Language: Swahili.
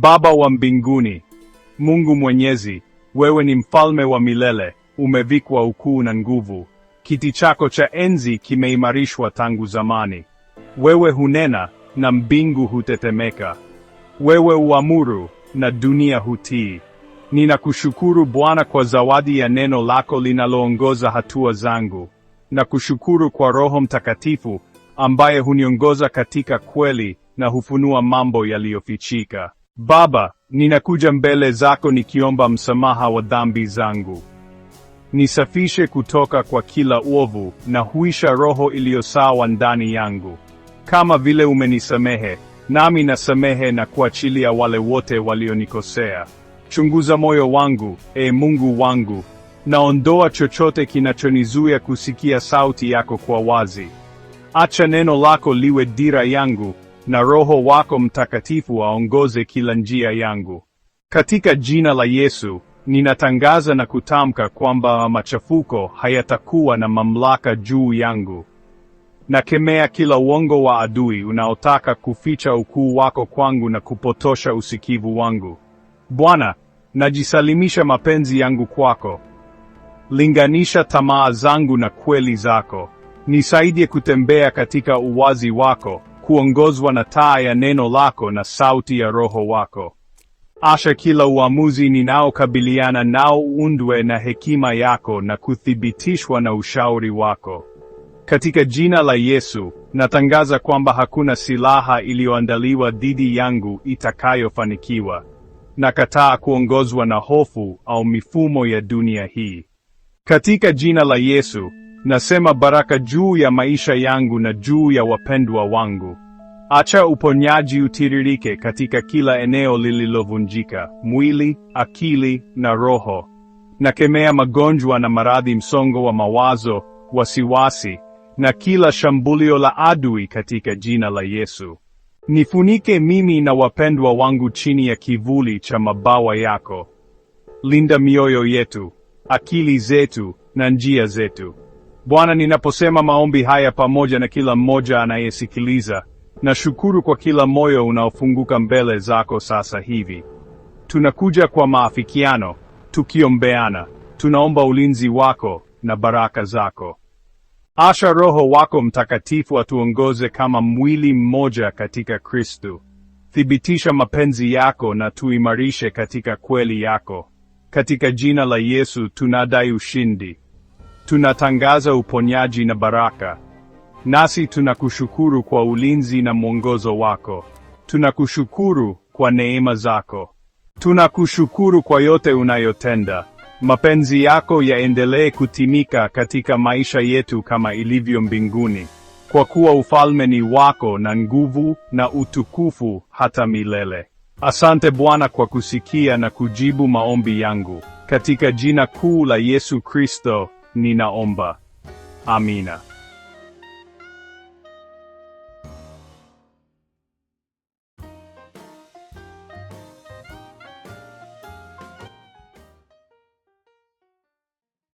Baba wa mbinguni, Mungu Mwenyezi, wewe ni mfalme wa milele, umevikwa ukuu na nguvu. Kiti chako cha enzi kimeimarishwa tangu zamani. Wewe hunena na mbingu hutetemeka. Wewe uamuru na dunia hutii. Ninakushukuru Bwana kwa zawadi ya neno lako linaloongoza hatua zangu. Nakushukuru kwa Roho Mtakatifu ambaye huniongoza katika kweli na hufunua mambo yaliyofichika. Baba, ninakuja mbele zako nikiomba msamaha wa dhambi zangu. Nisafishe kutoka kwa kila uovu na huisha roho iliyosawa ndani yangu. Kama vile umenisamehe, nami nasamehe na kuachilia wale wote walionikosea. Chunguza moyo wangu, e Mungu wangu, naondoa chochote kinachonizuia kusikia sauti yako kwa wazi. Acha neno lako liwe dira yangu na Roho wako Mtakatifu aongoze kila njia yangu. Katika jina la Yesu ninatangaza na kutamka kwamba machafuko hayatakuwa na mamlaka juu yangu. Nakemea kila uongo wa adui unaotaka kuficha ukuu wako kwangu na kupotosha usikivu wangu. Bwana, najisalimisha mapenzi yangu kwako. Linganisha tamaa zangu na kweli zako. Nisaidie kutembea katika uwazi wako kuongozwa na taa ya neno lako na sauti ya Roho wako. Asha kila uamuzi ninaokabiliana nao undwe na hekima yako na kuthibitishwa na ushauri wako. Katika jina la Yesu, natangaza kwamba hakuna silaha iliyoandaliwa dhidi yangu itakayofanikiwa. Nakataa kuongozwa na hofu au mifumo ya dunia hii. Katika jina la Yesu, Nasema baraka juu ya maisha yangu na juu ya wapendwa wangu. Acha uponyaji utiririke katika kila eneo lililovunjika, mwili, akili na roho. Nakemea magonjwa na maradhi, msongo wa mawazo, wasiwasi na kila shambulio la adui katika jina la Yesu. Nifunike mimi na wapendwa wangu chini ya kivuli cha mabawa yako. Linda mioyo yetu, akili zetu na njia zetu. Bwana, ninaposema maombi haya pamoja na kila mmoja anayesikiliza, nashukuru kwa kila moyo unaofunguka mbele zako sasa hivi. Tunakuja kwa maafikiano, tukiombeana, tunaomba ulinzi wako na baraka zako. Asha Roho wako Mtakatifu atuongoze kama mwili mmoja katika kristu Thibitisha mapenzi yako na tuimarishe katika kweli yako. Katika jina la Yesu tunadai ushindi. Tunatangaza uponyaji na baraka. Nasi tunakushukuru kwa ulinzi na mwongozo wako. Tunakushukuru kwa neema zako. Tunakushukuru kwa yote unayotenda. Mapenzi yako yaendelee kutimika katika maisha yetu kama ilivyo mbinguni. Kwa kuwa ufalme ni wako na nguvu na utukufu hata milele. Asante Bwana kwa kusikia na kujibu maombi yangu. Katika jina kuu la Yesu Kristo ninaomba. Amina.